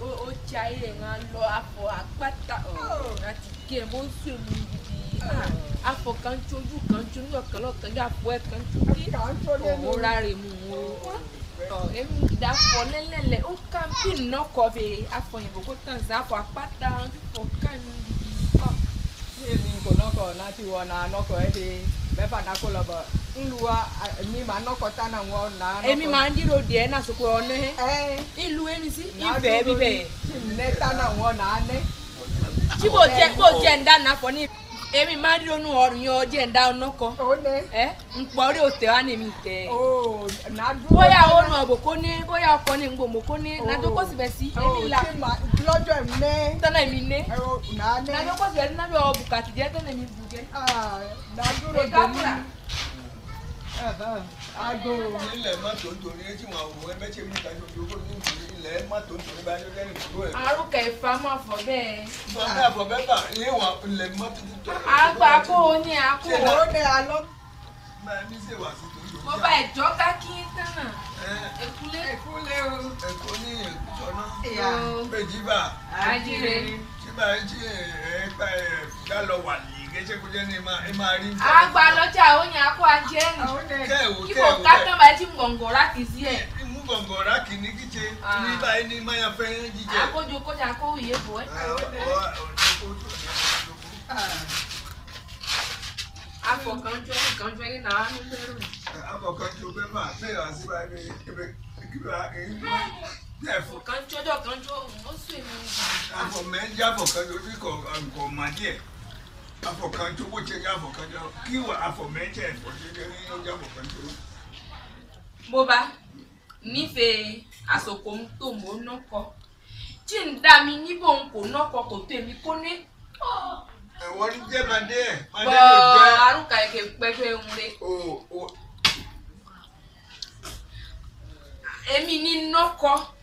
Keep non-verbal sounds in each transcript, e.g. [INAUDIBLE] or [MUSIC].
ó jẹ ayé wọn lọ afọ àpáta àti gé mo ń sùn mí gidi afọ kan tí ojú kan tí oníyọ kan lọkàn ní àpò ẹ kan tí òun rárẹ mu o èmi ìdá afọ lẹ́lẹ́lẹ́ ó kàmpín náà kọ́ bẹ́ẹ̀ afọ yìnbọn kó tàn sí afọ àpáta ọ̀kan mi gidi. èmi kò nọkọ̀ láti wọ̀ náà nọkọ̀ ẹ̀ dé mẹ́fà náà kó lọ bọ̀ nlua mi ma nɔkɔta na ŋɔ na nɔkɔ. emi ma ndiro deɛ na soko ɔne. ɛɛ ilu emisi ibɛ bibɛ. ne ta na ŋɔ na ne. tí kò jẹ kò jẹ nda na fɔ ni emi ma ndiro nu ɔrùn yɛ ɔjɛ nda nɔkɔ. E, o ne. ɛ nkpɔri o tɛ wa ni mi tɛ. ooo na bóyá o nù ọ̀bọ̀ kó ní bóyá ọkọ ní gbòmò kó ní na tó kó sì bẹ̀ sí emi la. ooo tí ma lọ́jọ́ ìmẹ́. tọ́lá èmi ne. na ne. na tó kó sì bẹ̀ sí náà bí ọ bùkàtì jẹ́ tọ́lá aago ilẹ̀ má tó ń torí etí wọn àwọn ẹgbẹ́ tí èmi kàṣọ ojú owó ní ìlú ilẹ̀ má tó ń torí bá yọ lẹ́yìn ìdúró ẹ̀. àrùkẹ́ ìfà máa fọ bẹ́ẹ̀. máa bẹ́ẹ̀ fọ bẹ́ẹ̀ bá ìwà ilẹ̀ má tó ń torí. àgbà kó o ní àkó o dẹ alọ́. máa mi ṣe wà sí torí ojú. mo bá ìjọ ká kí n tán náà. èkúlé èkúlé o. èkó ní èkúsọ náà. bẹ́ẹ̀ jíbà. àjíire kẹ́sẹ̀ kó jẹ́ ní ẹ máa rí nǹkan. àgbà lọ́jà oyin akọ ajé ni kí mo ká tán bá ti gbọ̀ngàn rákì sí ẹ̀. mú gbọ̀ngàn rákì ní kíche ní báyìí ní máyà fẹ́ jíjẹ. àkójọ kọjá kó òye bọ̀ ẹ́. afọ̀kànjọ́ ìkànjọ́ yìí náà ń lérò. afọ̀kànjọ́ bẹ́ẹ̀ máa bẹ́ẹ̀ wá sí báyìí ebe kíkọ́ àkẹ́yìn afọ̀kànjọ́ ọjọ́ kanjọ́ ó sì ń. afọ̀mẹ́jáfọ̀kànjọ́ bí kò mà díẹ̀ afɔkanto wotse nye afɔkanto kí wà afɔmɛtsɛ ɛfɔtsɛ ní ɔdze afɔkanto. boba nífẹ̀ẹ́ àsopọ̀ ń tò mọ́ nọ́kọ tí ń dá mi níbò ń kò nọ́kọ kò tó èmi kó ní. ẹ̀wọ́n ní jẹ́ madé ẹ̀ madé ló jẹ́. bọ́ arúgbó ẹ̀kẹ́ pẹ́pẹ́ ń re. èmi ní nọ́kọ. No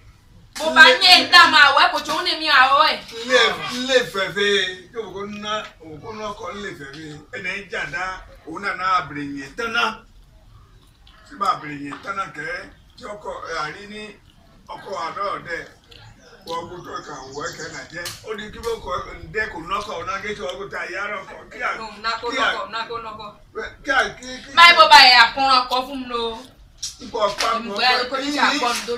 bụ banye ntama wepụcha ụnụ mi ahụ nlefefe okonọkọ nlefefe ẹnẹjàdá òun nana abìrìyìn tánná síbà abìrìyìn tánná kẹ tí ọkọ àrí ọkọ àdọọdẹ wọgùtọ kà wọ ẹkẹ nà jẹ ó di kí ọkọ kí fún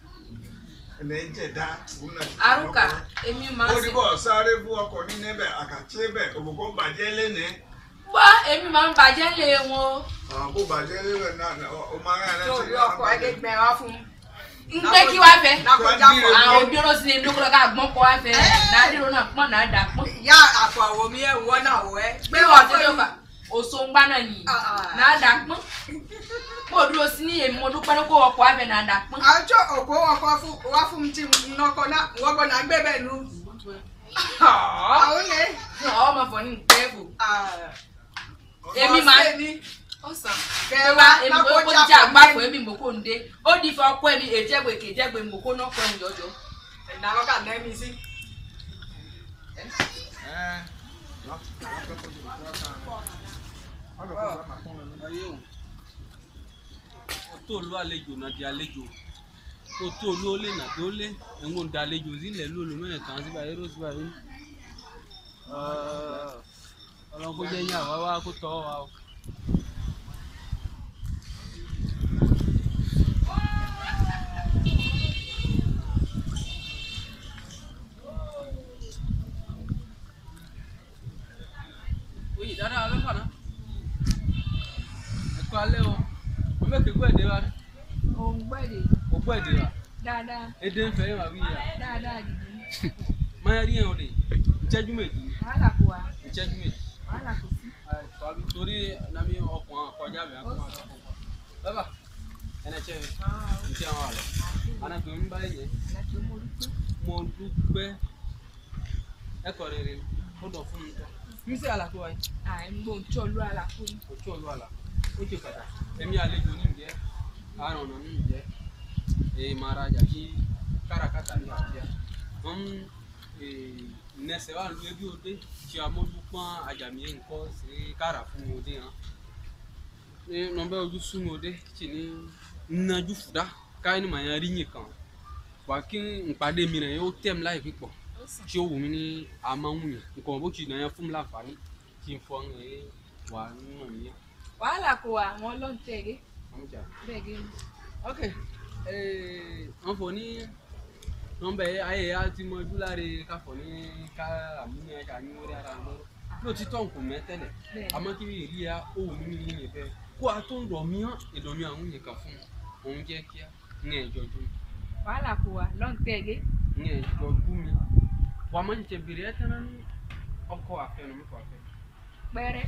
Aruka, emi náà ti fi arúkà sare máa ń sìn. ó dìbò sáré bú ọkọ̀ ní níbẹ̀ àkàtì ẹ̀bẹ̀ òbòkó bàjẹ́ lẹ́nìí. wá èmi máa ń bàjẹ́ lé wọn. àbó bàjẹ́ lébẹ̀ náà ó máa ń rà lẹ́sìn. lórí ọkọ̀ ẹgbẹ̀gbẹ̀ wá fún un n pé kí wá fẹ́ àwọn obìnrin sì ní lókòló ká gbọ́n kọ́ wá fẹ́ nàá dìrò náà pọ́n náà dà pọ́n. ìyá àpò àwọn mi ẹ̀ wọ́n náà wọ́ ẹ. gbé wọn tó lè fà osongba ah, ah. náà yìí náà dà pín mo dúró sí ní èmi mo dúpẹ́ ní kó ọkọ̀ abẹ náà dà pín. àjọ òkú ọkọ wá fún mi tí mo nọkọ náà wọ́n gbọ́dọ̀ àgbẹ̀ bẹ́ẹ̀ nù. Ah. àwọn ilé. ọmọ fọ ní nkẹ́ẹ̀bù. èmi máa kẹwa èmi mo kó jà gbàgbọ́ èmi mo kó ń dé ó di fọ ọkọ èmi èjẹgbẹ kèjẹgbẹ mo kó náà kọ ẹ̀yìn ọjọ́. ẹ̀dá tó lu àlejò náà di àlejò kó tó lu ó lè nà tó lé ẹ̀wọ̀n da àlejò sílẹ̀ ló lu mẹ́rin kan síbà yẹ́rọ síbà yìí ọlọ́run kó jẹ́ yín àwa wá kó tọ́ wa o. Oye, dáadáa ló fà náà kú alẹ́ o o mẹ́kẹ́ gbọ́ èdè wa. o ń gbọ́ o gbọ́ èdè wa. dáadáa. èdè ń fẹ́ yẹn wà wí yà. dáadáa dìde. [LAUGHS] máa rí ẹ̀hún de ìjẹ́jú méjì. wàhálà kò wá. ìjẹ́jú méjì. wàhálà kò sí. tọ́lú torí nami ọkùnrin ọkọjá mi àkọ́kọ́ àkọ́kọ́. bàbá ẹnẹtsẹ mi ntí àwọn àlọ anagbe mi báyìí yẹ mo dúpẹ́ ẹkọ rere ó dọ̀ fún mi tán. mi sì àlàkò wa yìí. à ń gbọ́ ojú ọlú àlàkò yìí. ojú ọlú àlàkò ó ṣe pàtàkì ẹ̀mí àlejò ní ìjẹ́ àrùn ọ̀nà ní ìjẹ́ èyí máa rajà kí káràkátà ní àbíyá wọ́n e, nẹsẹ̀ wà lóye bí òde ṣe amójúpọ́n àjàmí nǹkan sí kára fún òde hàn ní nọ́mbẹ́ ojú súnmọ́ òde kì ní nnájú fúdá káyọ̀ ní màá rí yìn kan wà kí nǹpadé mi náà yóò tẹ̀ mí láì pípọ̀ tí ó wù mí ní amáwùyàn nǹkan bó ti náà fún mi láǹfààní kí n fọ́ ń rè wà nínú ìyẹn wàhálà kò wà àwọn ọlọ́ntẹ̀gẹ́ bẹ́ẹ̀ gé ok wọn fò ní nọmba yẹ ayé ya ti mọ ojú láre káfọ ní ká àmúyẹ ká ní wọlé ara lọrọ lóòtítọ́ nkò mẹ́tẹ́lẹ̀ àmọ́ kí èyí ya òun ní ní ìfẹ́ kó a tó ń rọ̀ mìíràn ìdọ̀mí àwọn yẹn kan fún òun jẹ́ kíá ní ẹ̀jọ̀ dùn. wàhálà kò wà lọ́ntẹ̀gẹ́. ní ẹ̀jọ̀ gún mi wàá má ń tẹ bèrè ẹ̀ tẹ́ná ní ọkọ̀ àfẹnumọ́kọ̀ àfẹnumọ́. pẹ́rẹ́.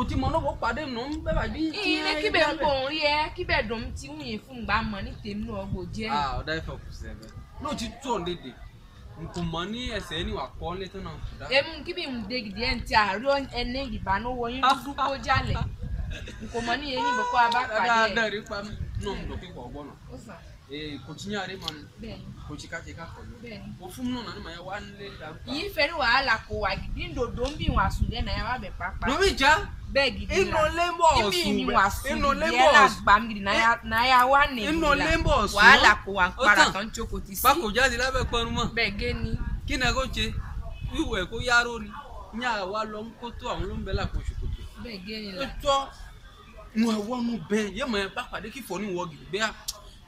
òtìmọ̀ náà wò pàdé nù ń bẹ́ẹ̀ bàbí. ilé kíbẹ̀ ń kò ń rí ẹ kíbẹ̀ dùn ti ń yìn fún gbà mọ́ ní tèmi náà ọgbò jẹ́. Ah, ọ̀dà ìfẹ́ kù sí ẹ̀bẹ̀ ló ti tó ọ̀n dédè nkò mọ ní ẹsẹ̀ ẹni wà kọ́ ọ́n létí náà kùdà. èmi kí bí n dé gidi ẹ̀ ń ti àárọ̀ ẹni ìbànú wo yín dúdú kó jálẹ̀ nkò mọ ní ẹni ìbọ̀kọ́ abá pàdé ẹ̀. dáadáa pa mí náà mo lọ kíkọ kò tí ní àrè mọ́ni kò tí ká ti ká kọ̀ lọ o fún náà ni màá wá nílé dàgbà. yìí fẹ́rí wàhálà kò wà gidi ndòdò ń bí wọn àsùnjẹ́ náà wà bẹ̀ pápá. lórí ìjà bẹ́ẹ̀ gidi la inú lébọ̀ ọ̀sùn bẹ́ẹ̀ inú lébọ̀ ọ̀sùn náà wà ní inú lébọ̀ ọ̀sùn wàhálà kò wà ń para tó ń jókòó ti sí. bákò jáde lábẹ́ pẹrun mọ́. bẹ́ẹ̀ gé ni. kí ni ẹ̀kọ́ ṣe wíwọ̀ ẹ̀kọ́ yáró ni ní àwa lọ ń kó tó àwọn ló ń bẹ lápò ṣòkòtò. bẹ́ẹ̀ ni la. ó tọ́ wọn wọnú bẹ́ẹ̀ yẹ́mọ̀ ẹ bá pàdé kí fọ́ ní wọ́ọ̀gì bẹ́ẹ̀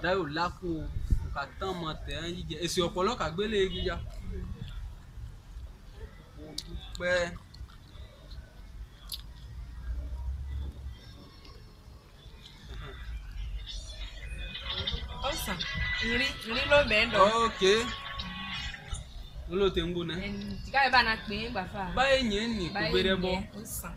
ọ̀dà yóò lákò òkà tán mọ tẹ̀ ẹ́ yíjẹ èsì ọ̀pọ̀lọ́kà gbélé gíga òdùpẹ́. ọ̀sán nri nri ló mẹ́ńdọ̀. ọ̀kẹ́ ló ló tẹ̀ ń gbóná. ẹ̀ ǹ tí káyọ̀ bá na pè é gbàfà. báyìí yẹn nì kò gbére bọ́. báyìí yẹn ó sàn.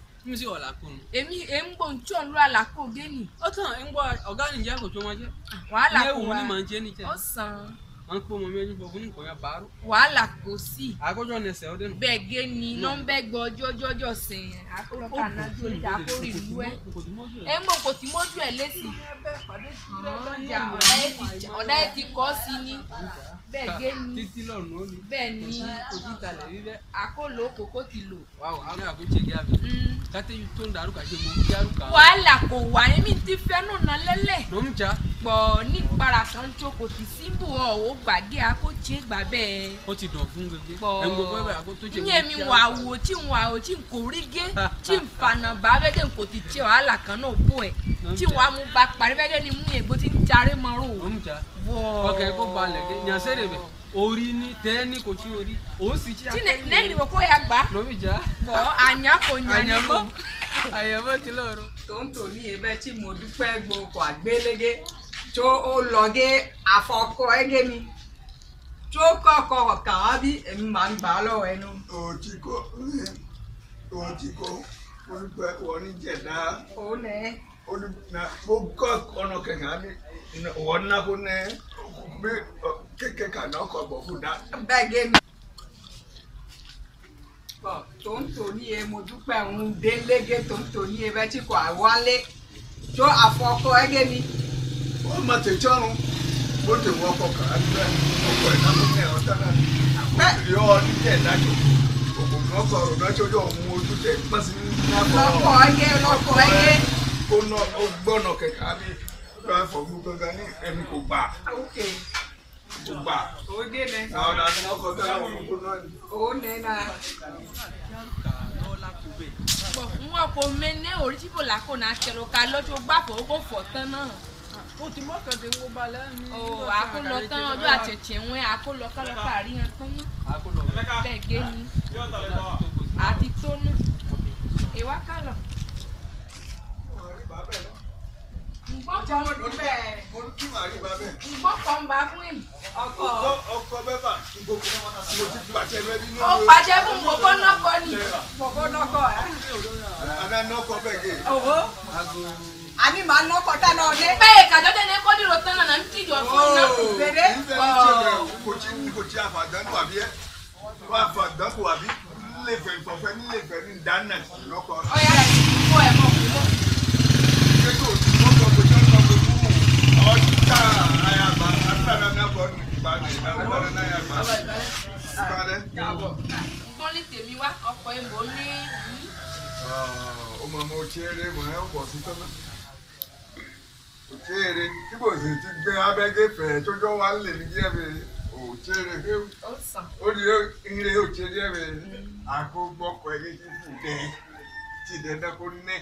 mzi ọ̀làkùn. èmi è ń gbọ́ njọ́ ń otu àlàkùn gẹ́nì. ó tàn ankpo mọ méjì fo fún nǹkan yẹn baro. wàhálà kò sí. àkójọ ní ẹsẹ̀ ọdẹ nù. bẹ̀gẹ́ ni nọ́mbẹ́ gbọ́ jọjọjọ sìn àkókò ànájọ ìjà àkórí ìlú ẹ̀. ẹ mọ̀ kò tí mójú ẹ̀ lẹ́sì. ọ̀dà ẹ ti kọ́ sí ni. bẹ̀gẹ́ ni. títí lọ́nà ó ní. bẹ́ẹ̀ ni àkóló kòkó ti lò. wàá wàá ní àkójọ ìjà mi. kátẹ́yìn tó ń darúkà ṣe mo ń darúkà. wàhálà kò wà ẹ̀mí ti fẹ́ nù nà lẹ́lẹ̀ pọ̀ nípara kan jókòó ti síbò hàn ó gbàgé akóche gbàbẹ́. ó ti dàn fún gbẹgbẹ ẹ ń gbogbo ẹgbẹ àkótó jẹ. ìyẹn mi wà wò tí n wà wò tí n kò rí gé [LAUGHS] tí n fànà bá bẹ́ẹ̀ n kò ti tiẹ̀ wàhálà kan náà bò ẹ̀ tí wàá mú bá parí bẹ́ẹ̀ ni mú ègbó ti ń jarí mọ́rò. ó ń jà ọkẹ́ kó balẹ̀ dé yànṣẹ́ rẹ̀ bẹ̀ orí ní tẹ́ ní kò tí orí òun sì jí àpẹẹrẹ tí lẹ́yìn ìwọ kó ya gbà. lórí ìjà. bọ àyàn kò yàn ní mọ. àyàn mọ ti lọrọ. tó ń tò ní ebẹ tí mo dúpẹ́ gbogbo àgbélégé tso olɔ ge afɔkɔ ege mi tso kɔkɔ kawa bi emi ma ń gbà lọ́wọ́ ẹnu. òtí kò òtí kò olùgbẹ wọlé jẹdá. òun nẹ. olùgbẹ kókó ọ̀nà kẹ̀kẹ́ mi wọ́n ná kó nẹ bí kékeré kan náà kọ̀ bọ̀ fún dá. bẹ́ẹ̀ gé mi pọ̀ tó ń torí e mo dúpẹ́ ń délége tó ń torí e bẹ́ẹ̀ tí kò àwálé tó àfọkọ ẹgẹ́ mi ó mà tètè ọrùn bó tè wọ ọkọ kàrá nígbà ọkọ ìdáná ní ẹ̀rọ dáná àkókò yọ ọ ní tẹ̀ dájọ́ òkùnkùn ọkọ ọ̀rọ̀ dájọ́ yọ ọ̀hún ojú tẹ̀ pàṣẹ ní ọkọ ayé lọkọ ayé. ó ná ó gbọ́nà kẹ̀kẹ́ àbí ló ń fọ̀gbù gangan ní ẹni kò gbà. kò gbà. ó dé nẹ. àwọn àti ọkọ tó yà wọ́n kó náà ni. ó nẹ náà. Mọ̀ fún ọkọ̀ mẹ́nẹ́ orí tí kò lákò náà ṣẹlẹ̀ ká lọ́jọ́ gbàgbọ́ ó kò fọ̀ tán náà o ti mọ kàn oh, ti wo balẹ̀ ní. o àkólọ tán ọjọ́ àtẹ̀tẹ̀ ń wẹ́ àkólọ kálọ̀ kárí hàn tán náà bẹ́ẹ̀ gé ni àti tónú ìwá kálọ̀. Ngbọ́kọ̀ ń bá fún yìí. Ọkọ̀ ọkọ̀ bẹ́bà gbogbo mo ti pàṣẹ bẹ́ẹ̀ nínú. Ó pàṣẹ fún gbogbo nọ́kọ̀ ni. Gbogbo nọ́kọ̀ ẹ̀. Àná nọ́kọ̀ bẹ́ẹ̀ gé. Owó. Ani ma no kota no ne. Pe ka jo de ne ko diro tan na nti jo fun na. Bere. Ko ti ni ko ti afadan ko àbí e. Ko afadan ko àbí le fe nfo fe ni le fe ni dana no ko. Ó yá ko e mo ko. Ke ko ti mo ko ko tan ko ko. O ti ta aya ba atara na ko ni ba na ko na ya ba. Sare. Kọ́lé tèmi wá ọkọ̀ ìbò Ọmọ ọmọ òkè eré mọ̀ ẹ́ pọ̀ sí tọ́lá. òtíere tí kò sì ti gbé abẹ́gẹ́ fẹ̀ẹ́ tójó wa ń lè ní díẹ̀ bẹ́ẹ̀ òtíere ó di ire òtíere díẹ̀ bẹ́ẹ̀ àkógbọ́kọ̀ ẹ̀yẹ ti fún dẹ́ ti dẹ́dẹ́ kó nẹ́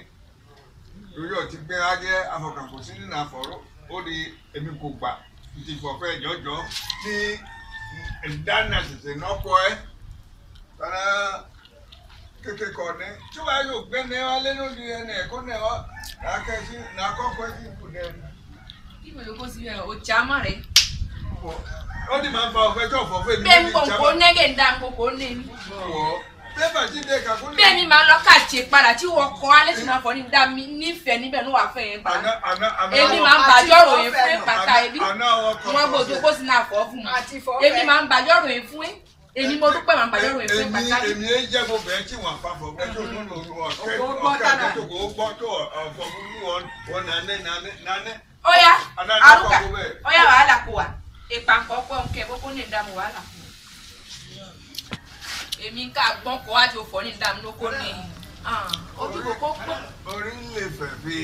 lórí ọtí gbé ajẹ́ afọkànkò sí ti ndana keke kɔnɛ tso wa yɔ gbɛ nɛ wa lɛ n'olu yɛ nɛ ko nɛ wa n'a kɛ si n'a kɔ kɔ si ku nɛ. kí mi ló kó sí yẹn o já má rẹ. ó ní màá fa ọ̀fẹ́ tó ọ̀fọ̀ fún mi. bẹ́ẹ̀ ń kòkó nẹ́gẹ̀ ń da kòkó nẹ́ mi. wọ́ pépà tí de kà fún mi. bẹ́ẹ̀ mi máa lọ káàtì padà tí wọ́n kọ́ alẹ́ tí wọ́n fọ́ ní dá mi nífẹ̀ẹ́ níbẹ̀ ní wàá fẹ́ yẹn bá. èmi máa ń bàjọ́rò yẹn fún pàtà èmi. wọ́n gbọ́dọ̀ kó sínú àfọ́ fún mi. èmi máa ń bàjọ́rò yẹn fún èmi mo dúpẹ́ màá pàdé òun èmi pàdé. èmi èmi jẹ́ mo bẹ̀ẹ́ tí wọ́n pa fún ọgbẹ́ tó nínú ọ̀kẹ́ ọ̀kẹ́ tó kò gbọ́ tó ọ̀fọ̀ fún wọn wọn nànẹ́ nànẹ́. ọ̀yá arúgà ọ̀yá wàhálà kò wà ìpàkọ́ pọ̀ nkẹ́ kókó ní ìdààmú wàhálà kò. èmi ká gbọ́n kó wá ti òfò ní ìdààmú lóko ní ojúbò kó pọ̀. orí ń lè fẹ̀ fi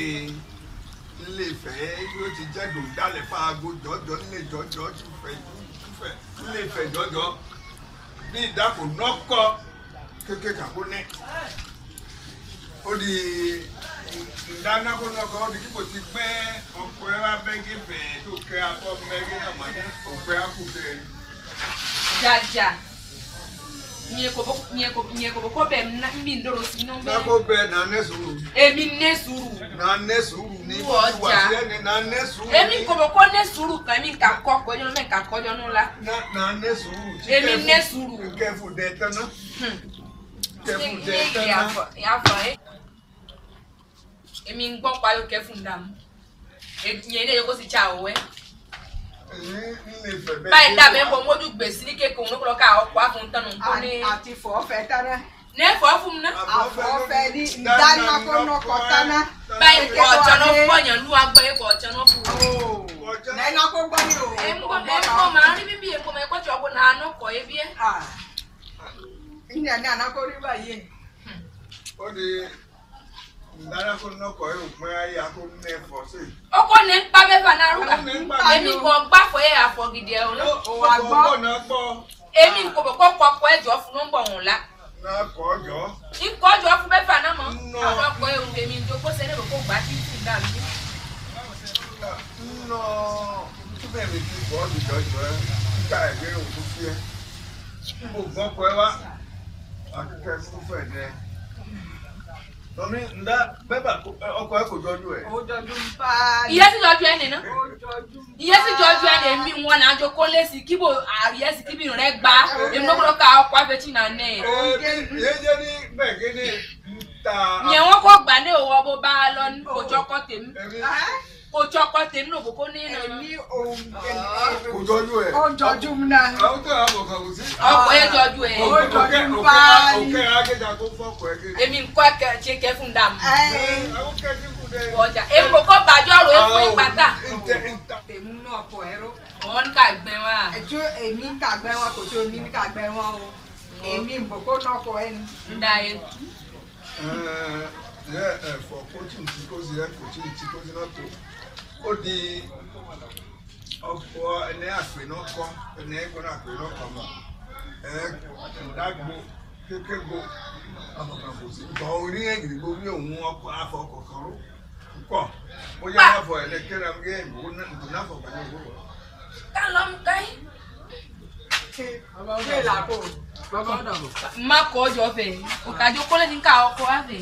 ilé ìfẹ́ yóò ti jẹ́ dòńdálẹ̀ fáagó jọjọ ilé jọjọ tún fẹ́ tún fẹ́ ilé ìfẹ́ jọjọ bí ìdáko nọ́kọ́ kékeré kó ní ó di ìdáná kó nọ́kọ́ ó di kíkò ti pẹ́ ọkọ̀ ẹ bá bẹ́gẹ́ bẹ́ẹ̀ tó kẹ́ abọ́ bẹ́gẹ́ náà ní ọkọ̀ ẹ kú bẹ́ẹ̀. jaja nyekoboko bẹ mbi ndoro si. n'akobe na ne sùúrù. èmi ne sùúrù. na ne ní ìwà sí ẹni náà ní sùúrù. èmi kò mọ̀ kó ní sùúrù kan èmi nǹkan kọ́ kọjọ́ náà nǹkan kọjọ́ náà la. náà ní sùúrù. èmi ní sùúrù. Hmm. èmi ń gbọ́ pariwo kẹfù dàmú èyí ilé yòókù sì ṣe àwòwẹ́. báyìí dàbẹ̀ ń bọ̀ gbèsè ní kékeré òun kọ́ ká ọkọ̀ àti fọ́ fẹ́ tán n'efu ọfụm na. afọ ọfẹ ni ìdáná kọ́nà kọ́tánná. báyìí kò ọjọ́ náà fún ọ̀yàn ló agbọ́ ẹ̀ kò ọjọ́ náà fún un. nẹ́ẹ̀nà kó gbọ́ mi o. ẹ̀ ń kọ́ ẹ̀ ń kọ́ màá rí bíbí èkó mẹ́ kọ́jọ́ ọ̀gbọ́n náà àná kọ́ ẹ bí ẹ. ìyẹn ní ànákó rí báyìí. ó di ìdáná kó náà kọ́ ẹ̀ òpin ayé akó ní ẹ̀fọ́ sí. ó kọ́ ní pa mẹ́fà náà rúkà èmi kò gbàgbọ́ ẹ̀ àfọ̀gìdì ẹ̀ òun. èmi kò bọ̀ kọ́ kọ́ náà kọjọ. n kọjọ fún mẹ́fà náà mọ́ àwọn ọkọ̀ ẹ̀rù tèmi ìjókòó sẹ́lẹ̀ lóko gbà tí tì náà ní. nọ tó bẹ̀rẹ̀ ti bọ́ọ̀lù jọjọ ẹ nígbà ìgbéró òkú fí ẹ. gbogbo ọkọ̀ ẹ wá akẹ́kẹ́ fúnfẹ̀ dẹ́. Tomi nda bẹ́bà ọkọ ẹ kò jọjú ẹ. Ó jọjú ń bá a. Ìyẹ́ sì jọjú ẹnì ná. Ó jọjú ń bá a. Ìyẹ́ sì jọjú ẹnì mi wọn náà jọ kólé sí kíbo àríyẹ́ sí kíbi rẹ̀ gbá. Èmi lóko lọ́ka ọkọ̀ afẹ́tì náà nẹ̀. Ìyẹ́ jẹ́ ní bẹ̀gẹ́dẹ̀ ń ta. Yẹn wọ́n kọ́ gbà ní òwò ọbọ̀ bá a lọ ní òjọ́kọ̀ tèmi ojú ọkọ tèmi náà kókó ní ìlànà. ẹni ohun kẹlẹ. Ah. kò jọjú ẹ. ó jọjú mi náà. àwọn tó yà bọ̀ kàn kò sí. ọkọ yẹn jọjú ẹ. ó jọjú mi báyìí. òkè akéjà kó fọkọ ẹ kéde. èmi nǹkan ṣe kẹfún dàmú. ọjà èmo kọ́ bàjọ́ ro èmo ìpàtà. tèmi náà pọ̀ ẹ̀rọ. wọ́n ń kàgbẹ́ wa. ẹjọ́ èmi ń kàgbẹ́ wọn kò tó èmi ń kàgbẹ́ wọn o. èmi ìbòkó náà kọ ẹni. ń da yẹn yẹ ẹ fọ kóòtù tí kò sí ẹ kóòtù tí kò sí náà tó ó di ọ̀pọ̀ ẹni àpènà kan ẹni ẹgbọn àpènà kan mọ ẹ dágbo kékégbo afọkànfò sí nǹkan orí ìgbìgbò bí òun ọkọ afọ kọkàn ró púpọ̀ bóyá afọ ẹlẹkẹrẹ ẹgbẹ ìgbòho náà ìgbòho náà fọkàn ní ìgbòho. ká ló ń kẹ́yìn mmakọ ọjọ ọfẹ ọkadì okòlè ní ká ọkọ afẹ.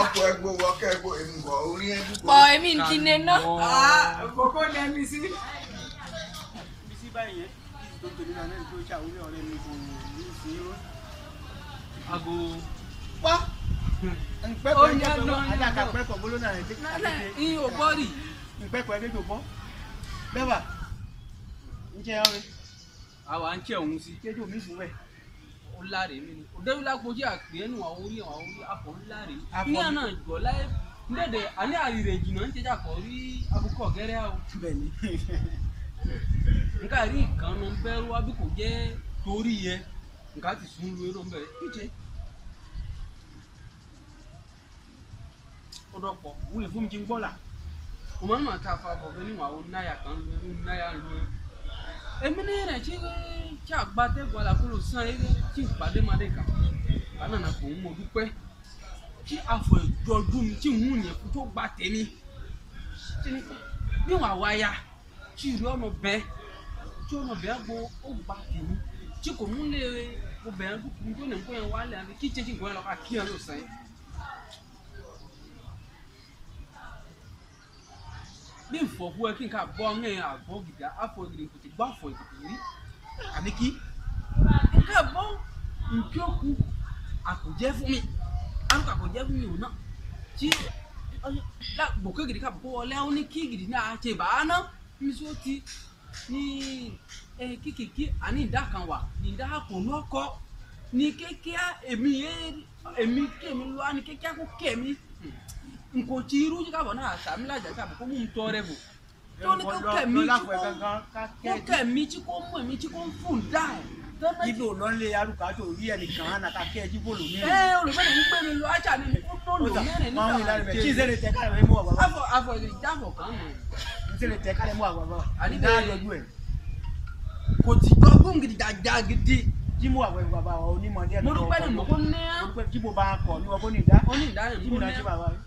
ọkọ ẹgbẹ wọ ọkọ ẹgbẹ èmi wọ orí ẹbí. pọ èmi ti nẹ ná. Ah, kókó lẹ mi sí. mi sí báyìí yẹn tó tèmi náà lẹ́nu tó ṣe àwọn ọ̀rẹ́ mi kò ní sí ó. ago. wá npẹpẹ ẹgbẹ adaka pẹpẹ bolo náà ẹ ti. iye ò gbọ́ rí. npẹpẹ ẹgbẹ tó gbọ́ bẹ́ẹ̀ bá ń jẹ́ ọ́ rí. àwa ń tẹ òun sí kéjò mi fún o ó láre mi ni òdẹ́bí lápòjì àgbẹ̀ẹ́nù àwọn orí àwọn orí àfọ̀ ńláre ní àná ìgbọ̀ láì ndéèdè àní àrìrè jìnnà ń jẹjà kọ rí abúkọ gẹrẹ o. bẹ́ẹ̀ni. nka rí nǹkan ló ń wá bí kò jẹ́ torí yẹ nǹkan ti sùn lu eré kíjẹ. wúlò fún mi ń gbọ́ ta fa bọ̀ bẹ́ẹ̀ ni wàá kan lu náyà èmi ní nàìjíríà tí àgbàdégbò alákòrò sàn eré tí ìpàdé máa dé kà bánàna kò ń mọ dúpẹ́ tí àfọ̀jọ́jú mi tí ń yẹn kú tó gbà tèmi níwọ̀n àwáyà tí ìlú ọ̀nà bẹ́ tí ọ̀nà bẹ́ gbo ó gbà tèmi tí kò mú lé obìnrin tó tó nà yẹn wálé àbí kí jẹ́jì gbọ́n yẹn lọ́ka kí yẹn lọ sàn yẹn. ne mfɔkuo ki nka bɔn ŋa abɔ gidi afɔ gidi nkutu gbɔ afɔ gidi wi ani ki nka bɔn nkyoku akɔjɛ fún mi anu ka akɔjɛ fún mi wò náà tí la bòkè gidi ka bòkè wọlé àwọn ní kí gidi náà àti ìbáná mísú ti ní ẹ kíkìkí àní ìdá kan wà ìdá kò lọkọ ní kékeré èmi yé èmi kémi lọ àní kékeré kò kémi nkochiruji kavona hasamulaja kavo kokumtorevho toni kokemichi komwemichi komfundaya ibi ò lọ ń lé alùpàtò orí ẹ̀ nìkan á nàka kí ẹjú bò lómi. ẹ olùmọ̀lẹ̀ ń gbẹ̀mí lọ ajá ni ó tó lò mẹ́rin nígbà wà jẹ́ kí n ṣe lè tẹ kálẹ̀ mú àwọ̀ bá. afọ afọ ìlú ìjábọ̀ kan nù. n ṣe lè tẹ kálẹ̀ mú àwọ̀ bá. àníbẹ̀ yọjú ẹ̀. kò tí gbọ́ gún gidi dàgbà gidi. jí mú àwọ̀ ìwà bá wa onímọ̀ díẹ̀ lọ́wọ́ mo dúpẹ́ ni mo kò ní á. jí mo bá kọ̀ ní ọ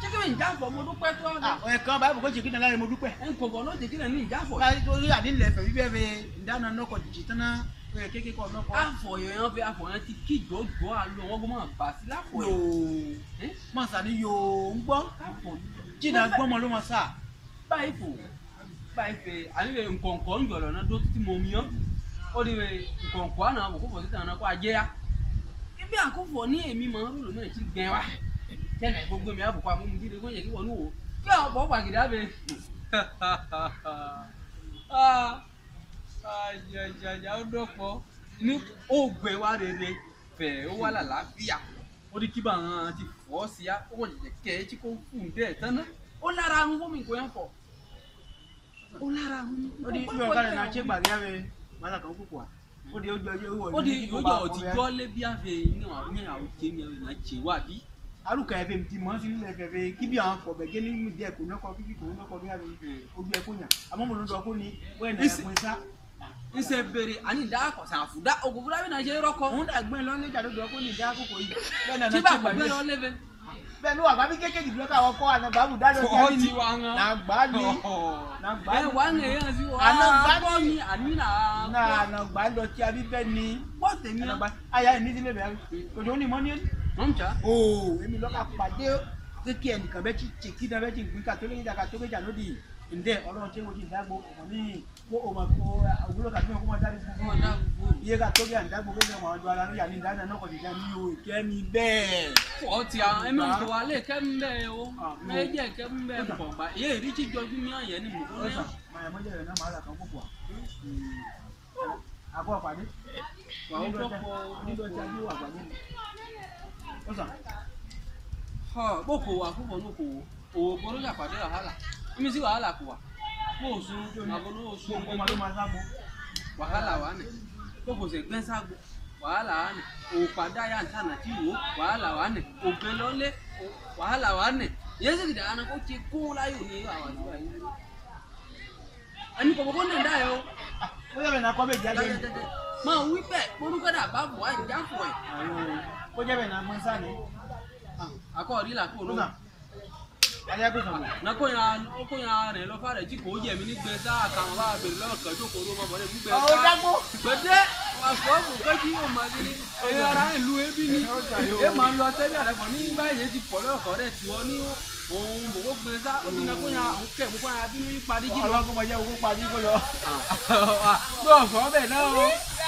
chicken in Jaffa mo dúpẹ́ tó ọ̀dọ̀. Ah, ẹ̀kan báyìí kò chicken lára mo dúpẹ́. ẹ̀ ń kò bọ̀ lóde chicken ní Jaffa. báyìí tó rí àdínlẹ̀ fẹ̀ wíwẹ́ fẹ́ ìdáná náà kọ̀ jìjì tán náà kékeré kọ̀ náà kọ̀. afọ yẹn fẹ afọ yẹn ti kí gbọ́gbọ́ alo wọn kó máa bà sí láfọ yẹn. mọ̀ sani yòó ń gbọ́. jìnnà gbọ́mọ ló mọ sá. báyìí fò báyìí fẹ àlejò nkọ̀ǹkọ̀ ń yọ̀rọ̀ náà dó títí mọ̀ mi yán. ó di nkọ̀ǹkọ̀ àná àbùkù fọ̀ títà náà kó ajẹ́ yá. ibi àkófò ní èmi máa ń rò lómìnira ti gbẹ wa tẹ́lẹ̀ gbogbo mi àbùkù àmúmu jíde kó yẹ kí wọ́n wò ó kí àwọn ọ̀pọ̀ pàgìdá bẹ. àjàjàjà ó dọ̀pọ̀ ní ògbẹ́ wa rere bẹ̀ ó wà lálàáfíà ó ní kí bàrán ti fọ́ sí a ó wọ̀n jẹ̀jẹ̀ kẹ́ ẹ́ tí kò fún un dẹ̀ tán ná ó lára ahun fún mi kò yẹn fọ̀ ó lára ahun. ó ní yóò kárẹ̀ náà ṣé gbàgbé rẹ̀ mọ́tà kan kúkú wa ó di ojú ọjọ́ ìwọ̀n ní ìgbà ọ̀pọ̀ rẹ̀. ó di ojú ọjọ́ ìjọ́ lé bí àfẹ́ inú àwọn ìyàwó tèmi àwọn ìyàn aluka ẹfẹ mi ti mọ sí ilé ẹfẹ kíbi àwọn fọbẹ gẹni mi díẹ̀ kò nọkọ kíbi kò nọkọ bí àwọn ojú ẹ kò yàn àmọ́ mo ló dọ kó ni wẹẹ nà ẹpin sá. n ṣe bèrè àní ìdá kọsàn se ògùn fúlá bí náà ṣe rọkọ. òun dàgbẹ́ lọ ní ìdádọ́dọ́ kó ní ìdá àkókò yìí bẹ́ẹ̀ náà náà tó gbàgbé bẹ́ẹ̀ ni wàgbà mi kékeré ló káwọn kọ ànàgbà mu dáná sí àmì ni nàgbà ni nàgbà ni wà ń yẹn wa ànàgbà ni àní nà ànàgbà lọ sí àbí bẹ́ẹ̀ ni bọ́ọ̀sì mi àyà ìnídìí bẹ́ẹ̀ bẹ́ẹ̀ kòtò ó ní mọ́ ní mamta o èmi lọ́ka pàdé kékeré ẹnìkan bẹ́ẹ̀ ti tètè náà bẹ́ẹ̀ ti gbé ká tó lé níta ká tó kéjà lóde ǹdẹ ọlọ́run tí wọ́n ti dágbo ọmọ mi kó ọmọ kó òwúrọ̀ kàbí wọn kó wọn dárí fún wọn iye ká tó bíyà ǹdágbo kó lẹ́wọ̀n ọdún ara lóyà ní ìdáná náà kọ̀dé dá mi o kẹ́mi bẹ́ẹ̀. ọ̀ ti àwọn ẹ̀mí ń bọ̀ alẹ́ kẹ́mi bẹ́ẹ̀ o méjì kẹ́mi bẹ́ẹ̀ pọ̀ gbà iye ìrí tí jọjú mi àyẹ̀ ni mò ń Osan. Ha, bó kò wà púpọ̀ ní kò wò. Òwò gbọ́dọ̀ ṣàpàdé wàhálà. Ibi tí wàhálà kò wà. Bó o sun àbọ̀dọ̀ o sun ọmọ tó máa ságbó. Wàhálà wà nì. Bó kò sẹ̀ gbẹ́ ságbó. Wàhálà wà nì. Òpàdá yà ń tànà tí wò. Wàhálà wà nì. Ògbẹ́ lọ́lé. Wàhálà wà nì. Yẹ́sì kìdà àná kó ti kó láyò ní àwọn àdúrà yìí. Ẹni kò gbogbo ń dẹ̀ dá yẹ o. Ó yẹ ó jẹ́ bẹ́ẹ̀ náà mọ sáà ní. àkọ́ ah, rí làkó ló. na kóyan kóyan rẹ̀ lọ fàrẹ̀ tí kò yẹ̀ mí nígbẹ́ sáà kàwọn bá bèrè lọ́wọ́ kẹjọ kò ló mọ̀ bọ́lẹ̀ nígbẹ́ sáà. ọ̀ dágbó. gbẹdẹ́ àfọwọ́fù kẹ́jì yóò máa gbé ní ara ìlú ẹbí ni ẹ máa lọ tẹ́lẹ̀ rẹ̀ ni. ní báyìí ti pọ̀ lọ́kọ̀ rẹ̀ tí wọ́n ní òun bòbó gbé sá ó ti nàkó yan òun kẹ̀ mú fún ara bí parí jí lọ. ọlọ́kùnrin jẹ́ owó parí kó lọ. bọ́ọ̀ ah, [LAUGHS] ah, fọ́ bẹ́ẹ̀ náà o.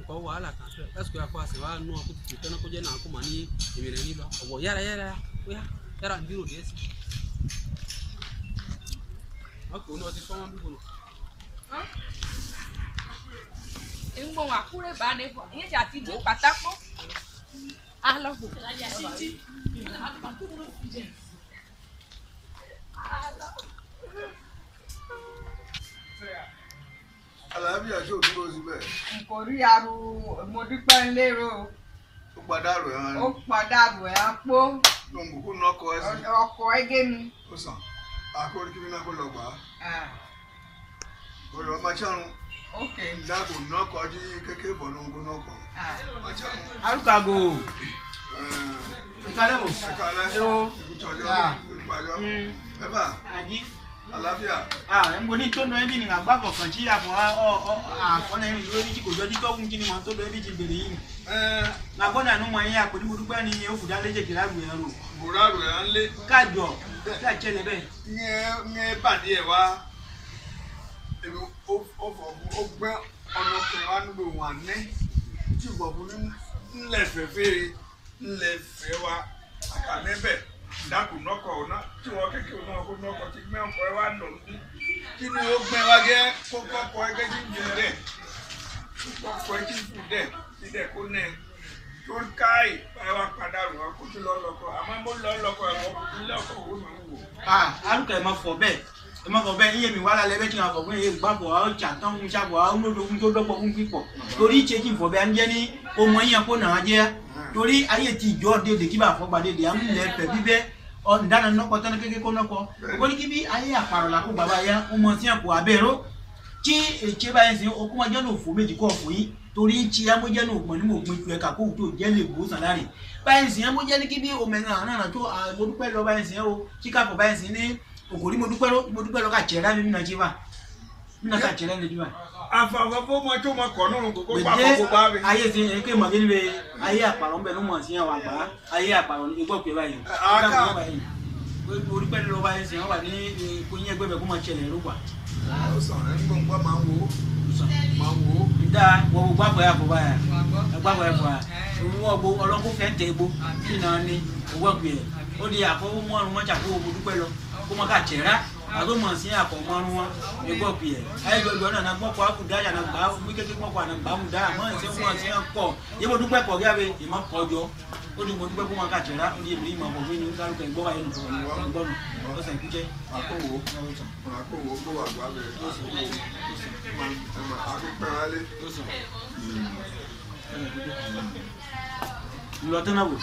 nǹkan wàhálà kan lásìkò yà kó a sì wá nú ọkọ tuntun tẹ́ná kó jẹ́ náà kó mà ní ìmìnira nílọ ọ̀wọ̀ yára yára yára yára ń bírò díẹ̀ sí i. wọn kò ní ọtí sọ́wọ́n bí kò lọ. ìgbọ̀n àkúrẹ́ bá ní bọ̀ ìyẹn jà ti di pátákó. a lọ bò. Yeah alábíyà ṣe ò dúró síbẹ̀. n kò rí aró mo dúpẹ́ ń lérò. ó padàrò ẹ̀ hàn. ó padàrò ẹ̀ hàn pó. lòǹkùkù náà kọ ẹ sí. ọkọ ẹgẹ mi. ó sàn àkórí kí mi náà kó lọ gbà á. ọ̀rọ̀ ọmọ ṣẹ́run. ok ndàgò náà kọ jí kékeré bọ̀ lóńgbò náà kọ. alukago. ìkàlẹ́ o. ìkàlẹ́ o. ìkùtọ̀jọ́ ìpàjọ́. Hmm. ẹ àlàáfíà. ẹ ń bo ní tó lọ ẹbí ni àgbà kọ̀ọ̀kan tí àfọ̀ àkọ́nà ẹni lórí tí kò jọ títọ́ fún kíni wọn tó lọ ẹbí ti bèrè yìí. làkọ́dà ní wọn yẹn àpòlí burúkú ẹni yẹn ó fùdá léjè kí láàrú yẹn rò. bùrọ̀ àrò yẹn ń lé. kájọ kíá jẹlẹ bẹ́ẹ̀. ń yẹn bàdí ẹ̀ wá ó gbẹ́ ọ̀nà kan wá níbi òun àná tí ìbọ̀bù ńlẹ̀ fẹ́ fẹ́rẹ̀ ńlẹ̀ fẹ́ wa àkànẹ́bẹ̀ dákù nọkọ ọ̀nà tí wọn kékeré náà kó nọkọ tí gbẹ ọkọ ẹ wá lọ ní kí ni ó gbẹ wá gẹ kó kọkọ ẹ gẹ jí jẹ dẹ kó kọkọ ẹ jí jù dẹ tí dẹ kó nẹ tó ń ká ì ẹ wá padà rọ kó tó lọ lọkọ àmọ́ mo lọ lọkọ ẹ wọ ilé ọkọ òwe máa ń wò. a alùpùpù ẹ máa fọ bẹ́ẹ̀ ẹ máa fọ bẹ́ẹ̀ iye mi wà lálẹ́ bẹ́ẹ̀ tí wọn fọ fún yẹn gbàgbọ àwọn ọjà tán ń ṣàbọ àwọn olódò tó dọgbọ ń pípọ torí ìṣèjì fọ bẹ́ẹ̀ ń torí ayé ti ìjọ dédè kí bá àfọgbà dédè àmì ilẹ̀ ẹ̀fẹ̀ bíbẹ́ ọ̀nìdáná nọ́kọ tán kéke kó nọ́kọ ògbóni kí bí ayé àpàrọ̀là kó bàbá ya ọmọ sí àpò abẹ́rọ́ tí èké báyìí sìn okun ọjọ́ náà fò méjì kọ́ fún yín torí ń ti amójẹ́ náà gbọ̀n nínú ògbìn ju ẹ̀ka kó tó jẹ́ lè bó sàn láàrin báyìí sìn amójẹ́ ní kí bí omi ẹ̀ràn àná tó àgbọ̀dúpẹ́ lọ báyìí sìn o kíkàpọ̀ báyìí sìn ní òkòrí mo dúpẹ́ lọ mo dúpẹ́ lọ kà jẹ́rẹ́ mi nínú afafafo ma tó ma kọ nínú kókó pàpọ̀ kó bá mi. ayé ti ẹ pé màgírí be ayé àpàrọ̀ ń bẹ ló mọ̀ sí àwọn àgbà ayé àpàrọ̀ ní gbọ́ pé báyìí. àká orí pẹ́ẹ́lú ló bá yẹn sìn wọ́n wà ní kóyún ẹgbẹ́ bẹ̀ kó máa ṣẹlẹ̀ rúgbà. ó sàn ẹ́ gbọ́ngbọ́n máa ń wo máa ń wo. ìdá wọ́n gbọ́ gbàgbọ́ yà bọ̀bá yà gbàgbọ́ yà bọ̀bá wọ́n gbọ́ ọlọ́kùn fẹ́ tẹ egbò kí náà ní owó ẹ̀kú yẹ ó di àfọwọ́mọ́rún mọ́jà kó o dúpẹ́ lọ kó mọ́ ká jẹ̀rá agoma si ya ko manu wa e go pie e go go na gbo kwa ku daya na gba mi keke gbo kwa na gba mu da mo se mo se ko e mo dúpẹ́ ko ya be e mo ko jo o du mo dúpẹ́ ko ma ka tira ni mi mo mo ni ka lu ke gbo wa ye nko ni wa gbo nu o se kuje akowo akowo gbo wa gba be o se ma ma akowo ale o se lọtẹ náà wò.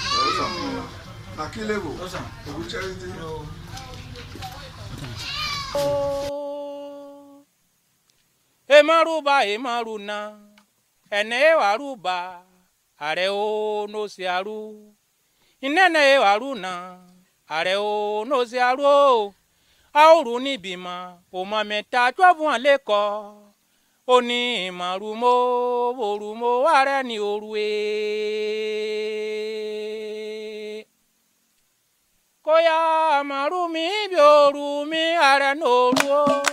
lakile wò. òkú charity. emaruba emaruna ene ewaruba areo nosiaru inene ewaruna areo nosiaru aoru nibima omameta twavuan leko oni imarumo borumo areni orue. rú mi bí òru mi àrẹ nà òru o.